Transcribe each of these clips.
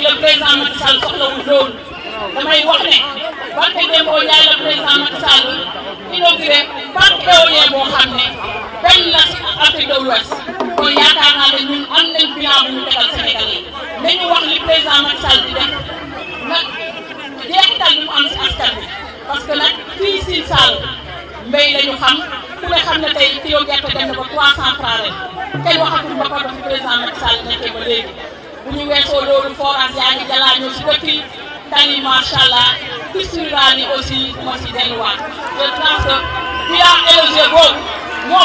nag la président Macky Sall soxlawul loolu damay wax ne barke Demba Ndiaye la président Macky Sall inauguré parc éolien boo xam ne benn la si Afrique de l'Ouest kon yaakaar naa ne ñun am nañ bilan bu ñu tegal Sénégal yi nañu wax li président Macky Sall di def nag jeexital bi mu am si askan bi parce que nag fii si Sall mbéy la ñu xam ku ne xam ne tey kilo gerte dem na ba 300 francs ren kenn waxatul ba ko dox président Macky Sall nekkee ba léegi. bu ñu weesoo loolu forage yaa ngi jalaa si dëkk yi tali macha allah piste rurale yi aussi du ma si delluwaat je pense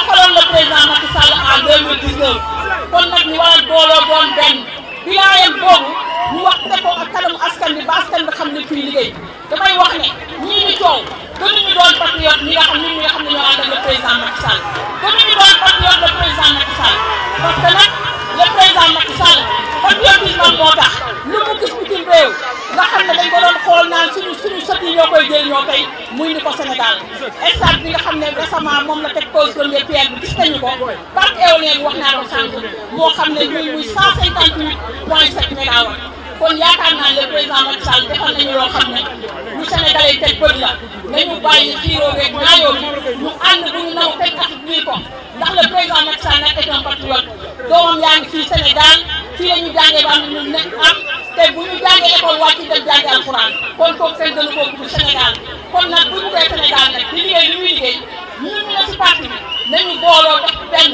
que faloon le président Macky Sall en 2019 kon nag ñu war a booloo doon benn bilan yem boobu ñu wax te ak kanamu askan bi ba xam ne kuy liggéey damay wax ne ñii ñu coow gënuñu doon patriote ñi nga xam ñun ñi nga xam ne ñoo ànd ak le président Macky Sall gënuñu doon patriote le président Macky Sall parce que réew nga xam ne dañ ko doon xool naan suñu suñu sët yi ñoo koy jëriñoo tey muy ni ko Sénégal stade bi nga xam ne récemment moom la teg pose première pierre bi gis nañu ko parc éolien bi wax naa ko sànq moo xam ne muy muy teg bët la nañu bàyyi xiiroo beeg ñaayoo bi ñu ànd bu ñu naw teg ak ko ndax le président Macky nag est un patriote doomam yaa ngi fii Sénégal fii la ñu ba am nekk am te bu ñu jàngee école wàcc dem jàngi kon kooku seen gën a kooku du Sénégal kon nag bu ñu koy Sénégal nag di liggéey li muy liggéey ñun ñu ne si parti bi nañu booloo def benn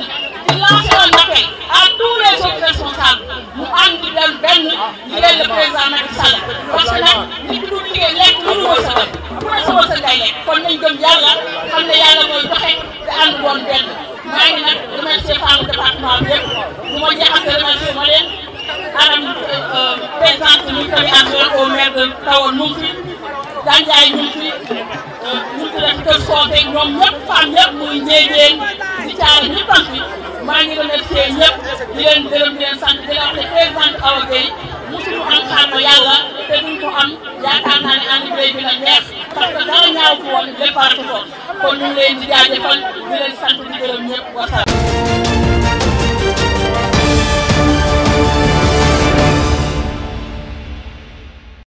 di lancer un appel à tous les autres responsables mu ànd di dem benn liggéey le président Macky Sall parce nag nit ki du kon nañ gëm yàlla xam ne yàlla mooy joxe te ànd woon benn maa ngi nag remercier femmes département bi yëpp bu ma jeexal remercier ma leen. madame présidente ñu ngi koy àndal au maire de Tawa ñu ngi fi Gandiaye ñu ngi fi ñu euh, ñoom ñëpp femme yëpp muy njéejeen si caara ñëpp am fi maa ngi remercier ñëpp di leen gërëm di leen sant di la wax ne présidente Awa Gueye am xaar yàlla te duñ ko am yaakaar naa ne ànd bi dina neex parce dara ñaaw fi woon lépp a rafetoon leen di jaajëfal di leen sant di gërëm ñëpp wasalaam.